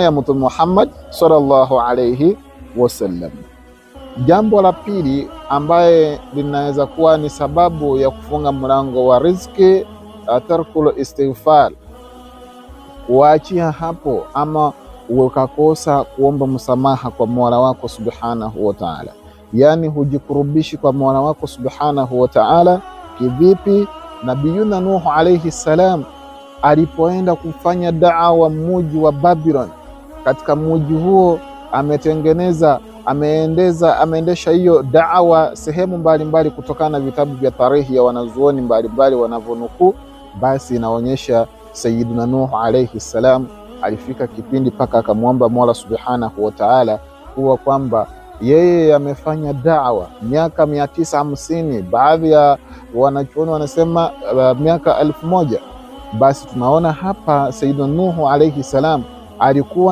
ya Mtume Muhammad sallallahu alayhi wasallam. Jambo la pili ambaye linaweza kuwa ni sababu ya kufunga mlango wa riziki, uh, tarkul istighfar, kuachia hapo ama ukakosa kuomba msamaha kwa Mola wako subhanahu wa taala, yaani hujikurubishi kwa Mola wako subhanahu wa taala. Kivipi? Nabiyuna Nuhu alayhi salam alipoenda kufanya daawa muji wa Babiloni katika muji huo ametengeneza ameendeza ameendesha hiyo daawa sehemu mbalimbali, kutokana na vitabu vya tarihi ya wanazuoni mbalimbali wanavyonukuu, basi inaonyesha Sayyiduna Nuhu alayhi salam alifika kipindi mpaka akamwomba Mola subhanahu wa taala kuwa kwamba yeye amefanya daawa miaka mia tisa hamsini, baadhi ya wanachuoni wanasema uh, miaka elfu moja. Basi tunaona hapa Sayyiduna Nuhu alayhi salam alikuwa